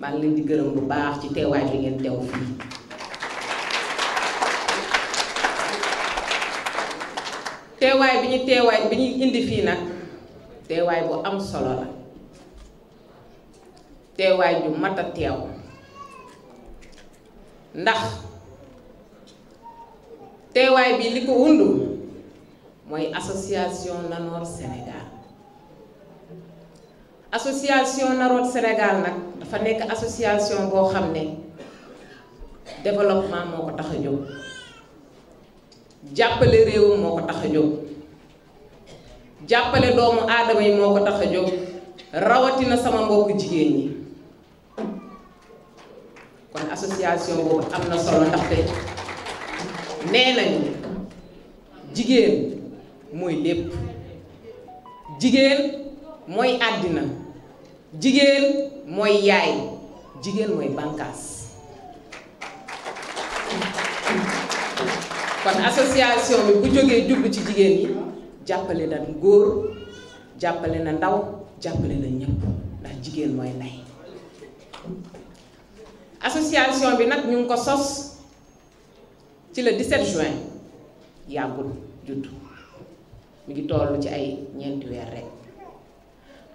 maa ngi leen di gërëm bu baax ci teewaay bi ngeen teew fii teewaay bi ñu teewaay bi ñu indi fii nag teewaay bu am solo la teewaay ju mat a teew ndax teewaay bi li ko wundu mooy association Lanor Sénégal association Naroot Sénégal nag dafa nekk association boo xam ne développement moo ko tax a jóg jàppale réew moo ko tax a jóg jàppale doomu aadama yi moo ko tax a jóg rawatina sama mbokk jigéen yi kon association boobu am na solo ndaxte nee nañu jigéen mooy lépp jigéen mooy àddina jigéen mooy yaay jigéen mooy bànqaas kon association bi bu jógee jublu ci jigéen yi jàppale na góor jàppale na ndaw jàppale na ñëpp ndax jigéen mooy ndey association bi nag ñu ngi ko sos ci le diset juin yàggul judd mu ngi tollu ci ay ñeenti weer rek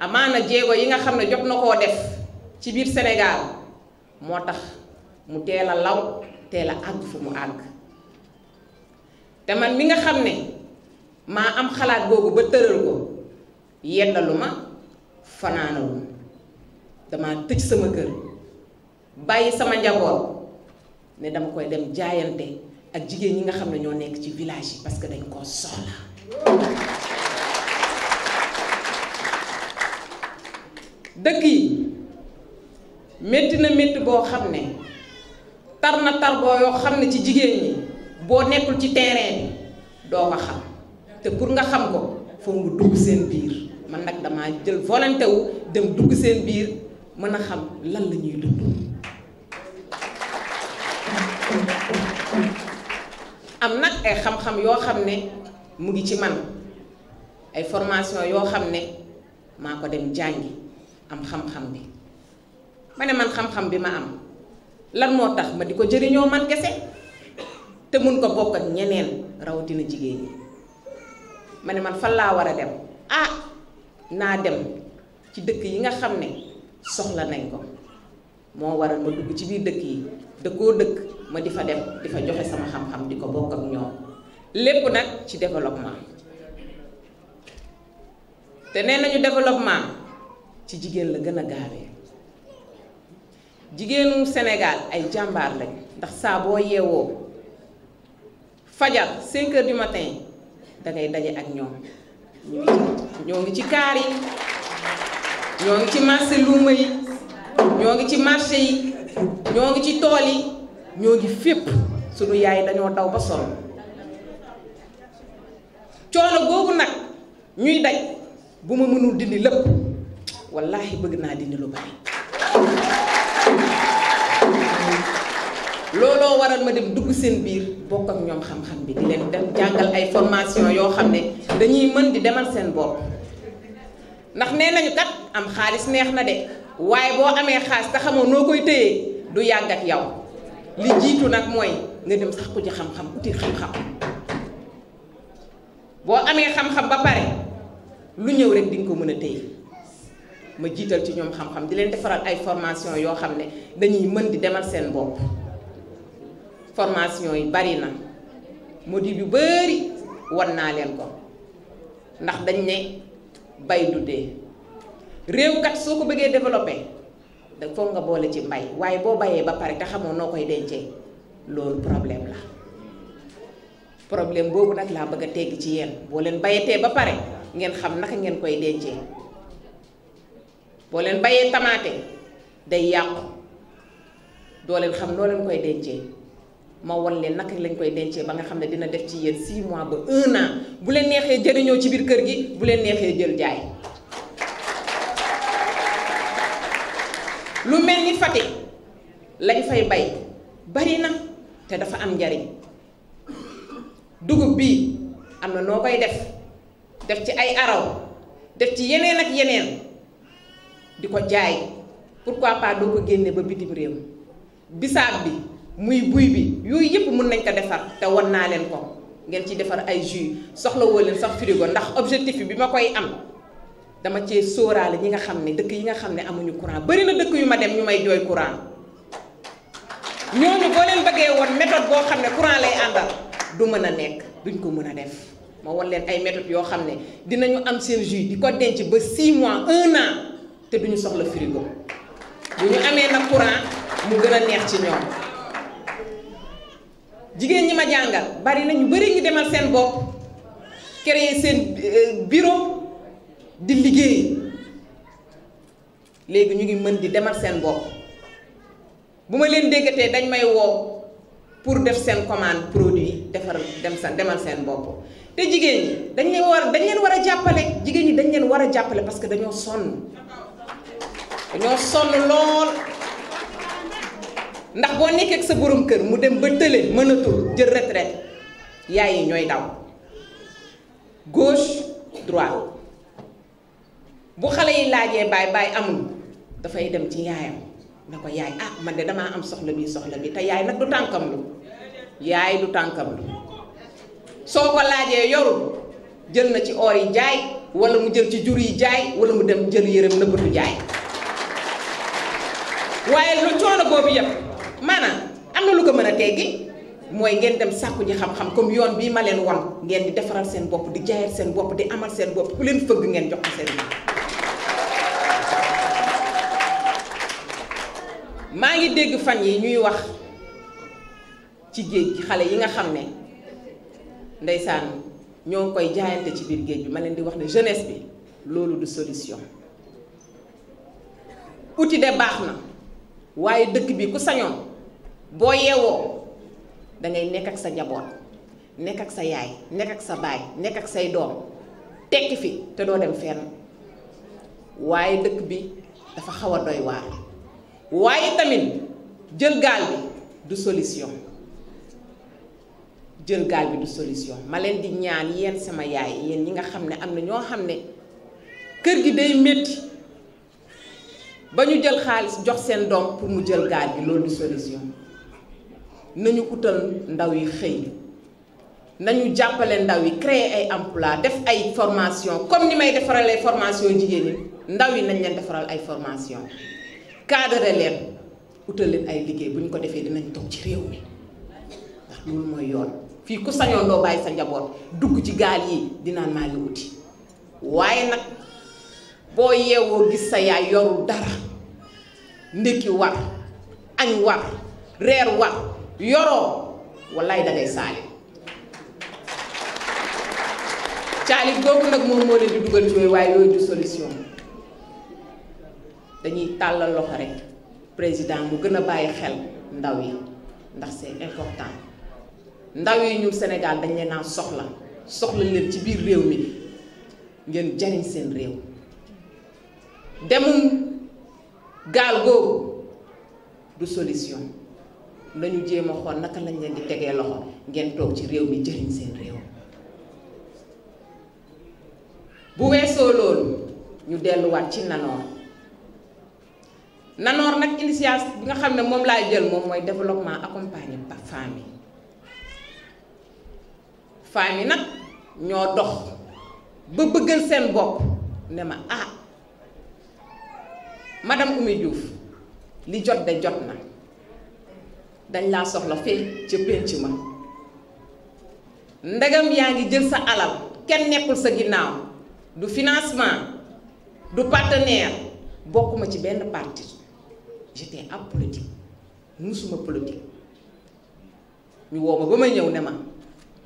amaana jéego yi nga xam ne jot na koo def ci biir senegaal moo tax mu teel a law teel a àgg fu mu àgg te man mi nga xam ne maa am xalaat boobu ba tëral ko yendalu ma fanaanalu ma dama tëj sama kër bàyyi sama njaboot ne dama koy dem jaayante ak jigéen ñi nga xam ne ñoo nekk ci village yi parce que dañ koo soxla dëkk yi métti na métti boo xam ne tar na tar boo yoo xam ne ci jigéen ñi boo nekkul ci terrain bi doo ko xam te pour nga xam ko foog mu dugg seen biir man nag damaa jël volonté wu dem dugg seen biir mën a xam lan la ñuy am nag ay xam-xam yoo xam ne mu ngi ci man ay formation yoo xam ne maa ko dem jàngi am xam-xam bi ma ne man xam-xam bi ma am lan moo tax ma di ko jëriñoo man kese te mun ko bokk ak ñeneen rawatina jigéen ñi ma ne man fan laa war a dem ah naa dem ci dëkk yi nga xam ne soxla nañ ko moo waral ma dugg ci biir dëkk yi dëkkoo dëkk ma di fa dem di fa joxe sama xam-xam di ko bokk ak ñoom lépp nag ci développement te nee nañu développement. ci jigéen la gën a gaawee jigéenu Sénégal ay jàmbaar lañ ndax saaboo boo yeewoo fajar 5 heures du matin da ngay daje ak ñoom ñoo ngi ci kaar yi ñoo ngi ci marché luuma yi ñoo ngi ci marché yi ñoo ngi ci tool yi ñoo ngi fépp sunu yaay dañoo daw ba sol coono googu nag ñuy daj bu ma mënul dindi lépp wallahi bëgg naa dindi lu bari looloo waral ma dem dugg seen biir bokk ak ñoom xam-xam bi di leen dem jàngal ay formation yoo xam ne dañuy mën di demal seen bopp ndax nee nañu kat am xaalis neex na de waaye boo amee xaalis te noo koy téyee du yàgg yow li mooy nga dem ku ci xam-xam uti xam-xam amee xam-xam ba pare lu ñëw rek di nga ko mën a téye ma jiital ci ñoom xam-xam di leen defaral ay formation yoo xam ne dañuy mën di demal seen bopp formation yi bari na module yu bari wan naa leen ko ndax dañ ne bay du dee réew kat soo ko bëggee développé da foog nga boole ci mbay waaye boo bayee ba pare te xamoon noo koy dencee loolu problème la problème boobu nag laa bëgg a tegg ci yéen boo leen bayatee ba pare ngeen xam naka ngeen koy dencee boo leen bayee tamaate day yàqu doo leen xam noo leen koy dencee ma wan leen naka lañ koy dencee ba nga xam ne dina def ci yéen 6 mois ba 1 bu leen neexee jëriñoo ci biir kër gi bu leen neexee jël jaay lu mel ni Fatick lañ fay bay bari na te dafa am njariñ dugub bii am na noo koy def def ci ay araw def ci yeneen ak yeneen di ko jaay pourquoi pas doo ko génne ba bitim réew bisaab bi muy buy bi yooyu yëpp mun nañ ko defar te wan naa leen ko ngeen ciy defar ay jus soxla woo leen sax frigo ndax objectif bi ma koy am dama cee sóoraale ñi nga xam ne dëkk yi nga xam ne amuñu courant bari na dëkk yu ma dem ñu may jooy courant ñooñu boo leen bëggee woon méthode boo xam ne courant lay àndal du mën a nekk duñ ko mën a def ma won leen ay méthodes yoo xam ne dinañu am seen jus di ko denc ba 6 mois 1 te ñu soxla frigo bu ñu amee nag courant mu gën a neex ci ñoom jigéen ñi ma jàngal bari na ñu bari ñu demal seen bopp créer seen euh, bureau di liggéey léegi ñu ngi mën di demal seen bopp bu ma leen déggatee dañ may woo pour def seen commande produit defar dem seen demal seen bopp te jigéen ñi dañ leen war dañ leen war a jàppale jigéen ñi dañ leen war a jàppale parce que dañoo sonn dañoo sonn lool ndax boo nekkee ak sa borom kër mu dem ba tële mënatul jël retraite yaay yi ñooy daw gauche droite bu xale yi laajee baay baay amul dafay dem ci yaayam na ko yaay ah man de damaa am soxla bi soxla bi te yaay nag du tànkam lu yaay du tànkam lu soo ko laajee yorul jël na ci oor yi jaay wala mu jël ci jur yi jaay wala mu dem jël yërëm nëbbatu jaay waaye lu coono boobu yëpp maanaam am na lu ko mën a teggi mooy ngeen dem sàkku ji xam-xam comme yoon bii ma leen wan ngeen di defaral seen bopp di jaayal seen bopp di amal seen bopp ku leen fëgg ngeen jox ko seen maa ngi dégg fan yi ñuy wax ci géej gi xale yi nga xam ne ndeysaan ñoo ngi koy jaayante ci biir géej bi ma leen di wax ne jeunesse bi loolu du solution outil de baax na waaye dëkk bi ku sañoon boo yeewoo dangay nekk ak sa njaboot nekk ak sa yaay nekk ak sa baay nekk ak say doom tekki fi te doo dem fenn waaye dëkk bi dafa xaw a doy waar waaye tamit jël gaal bi du solution jël gaal bi du solution ma leen di ñaan yenn sama yaay yéen ñi nga xam ne am na ñoo xam ne kër gi day métti ba ñu jël xaalis jox seen doom pour mu jël gaal gi loolu du solution nañu utal ndaw yi xëy nañu jàppale ndaw yi créer ay emploi def ay formation comme ni may defaralee formation jigéen ndaw yi nañ leen defaral ay formation cadre leen utal leen ay liggéey bu ñu ko defee dinañ toog ci réew mi ndax loolu mooy yoon fii ku sañoon doo bàyyi sa njaboot dugg ci gaal yi dinaa maa ngi wuti waaye nag boo yeewoo gis sa yaay yorul dara ndékki war añ war reer war yoroo wallaay da ngay saali googu nag moom moo dugal ci yooyu waaye yooyu du solution dañuy tàllal loxo rekk président mu gën a bàyyi xel ndaw yi ndax c'est important ndaw yi ñun Sénégal dañ leen naan soxla soxla leen ci biir réew mi ngeen jariñ seen réew demum gaal googu du solution nañu jéem a xool naka lañ leen di tegee loxo ngeen toog ci réew mi jëriñ seen réew bu weesoo loolu ñu delluwaat ci nanoor nanoor nag initiative bi nga xam ne moom laay jël moom mooy développement accompagné par femme yi yi nag ñoo dox ba bëggal seen bopp ne ma ah madame Oumy Diouf li jot de jot na dañ la soxla fee ci pénc ma ndegam yaangi jël sa alal ken nekkul sa ginnaw du financement du partenaire bokuma ci benn parti j'étais apolitique musuma politique ñu woma ba ne ma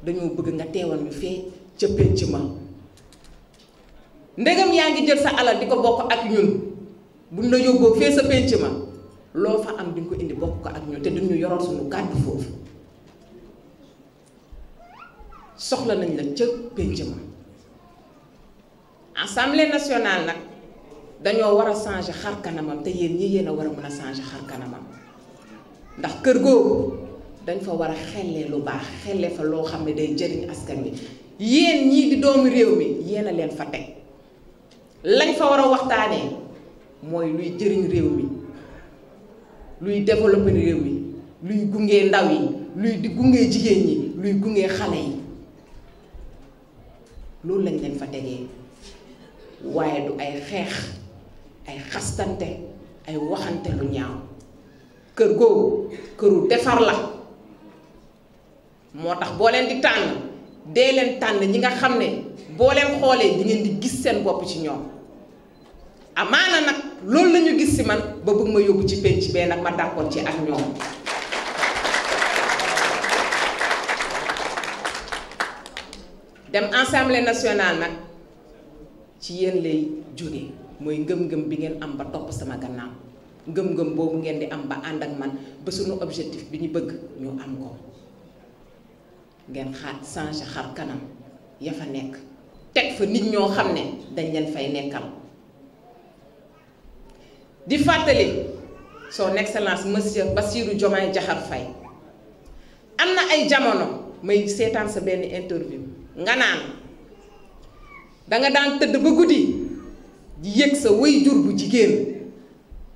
bëgg nga téwal ñu fee ci pénc ma ndegam yaangi jël sa alal diko bokk ak ñun buñ la yóbboo fee sa penc ma loo fa am duñ ko indi bokk ko ak ñu te duñ ñu yoroon suñu kàddu foofu soxla nañ la ca penc ma assemblée nationale nag dañoo war a changer xar kanamam te yéen ñi yéen a war a mën a changer xar kanamam ndax kër googu dañ fa war a xellee lu baax xellee fa loo xam ne day jëriñ askan wi yéen ñii di doomu réew mi yéen a leen fa teg lañ fa war a waxtaanee. mooy luy jëriñ réew mi luy développer réew yi luy gunge ndaw yi luy di gunge jigéen ñi luy gunge xale yi loolu lañ leen fa tegee waaye du ay xeex ay xastante ay waxante lu ñaaw kër googu këru defar la moo tax boo leen di tànn dee leen tànn ñi nga xam ne boo leen xoolee di ngeen di gis seen bopp ci ñoom amana nak lolou lañu gis ci man ba bëgg ma yobbu ci penc nak ma dankon ci ak ñoom dem assemblée nationale nak ci yeen lay jóge moy ngëm-ngëm bi ngeen am ba top sama gannaam ngëm-ngëm bobu ngeen di am ba and ak man ba suñu objectif bi ñu bëgg ñu am ko ngeen xaat xar kanam ya fa nek tek fa nit ñoo xamne dañ leen fay nekkal di fàttali soo son excellence monsieur Bassirou Diomaye Diakhar fay am na ay jamono may seetaan sa benn interview nga naan danga daan tëdd ba guddi di yëg sa way jur bu jigéen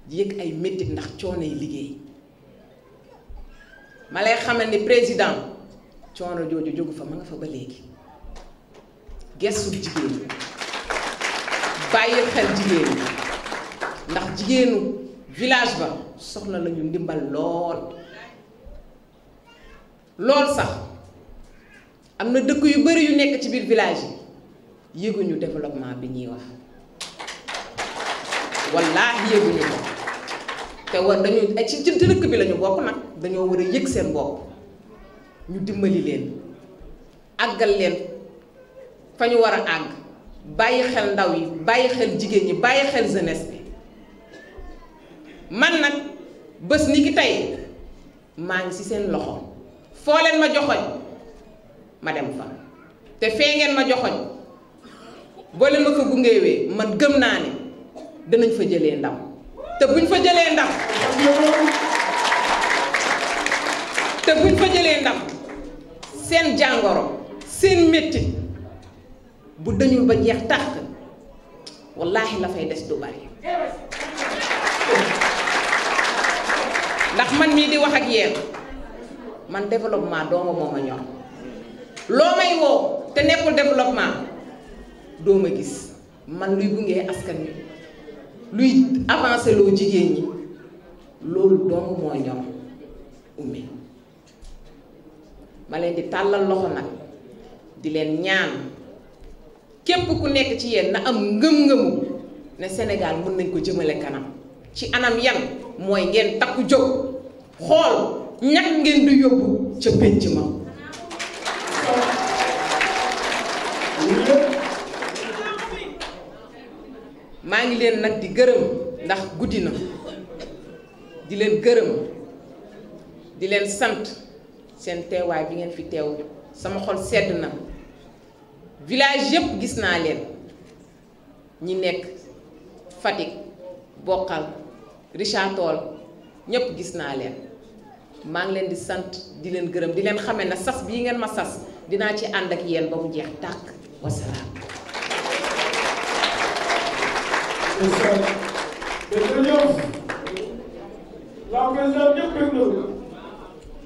di yëg ay mettit ndax coono yi liggéey ma lay xamal ni président coono jooju jóg fa ma nga fa ba léegi gestu jigéen bàyyi xel jigéen ndax jigéenu village ba soxla nañu ndimbal lool lool sax am na dëkk yu bari yu nekk ci biir village yi yëguñu développement bi ñuy wax wallaahi yëguñu ko te war dañu ci ci dëkk bi lañu bokk nag dañoo war a yëg seen bopp ñu dimbali leen àggal leen fa ñu war a àgg bàyyi xel ndaw yi bàyyi xel jigéen ñi bàyyi xel jeunesse bi man nak bes ni ki tey maa ngi ci sen loxo fo len ma joxoñ ma dem fa te fe ngeen ma joxoñ bo len ma fa wé man gëm na ni dinañ fa jëlé ndam te buñ fa jëlé ndam te buñ fa jëlé ndam sen jangoro sen metti bu dañul ba jeex tàkk wallahi la fay dess du bari ndax man mii di wax ak yéen man développement dooma moo ma ñor loo may woo te nekkul développement doo ma gis man luy gungee askan wi luy avancé loo jigéen ñi loolu doomu moo ñor ummi ma leen di tàllal loxo nag di leen ñaan képp ku nekk ci yéen na am ngëm-ngëmu ne Sénégal mën nañ ko jëmale kanam ci anam yan mooy ngeen takku jóg xool ñak ngeen du yóbbu ca pénc ma maa ngi leen nag di gërëm ndax guddi na di leen gërëm di leen sant seen teewaay bi ngeen fi teew sama xol sedd na village yépp gis naa leen ñi nekk Fatick Bokkal Richard Toll ñëpp gis na leen ma ngi leen di sante di leen gërëm di leen xamé na sas bi ngeen ma sas dina ci and ak ba mu jeex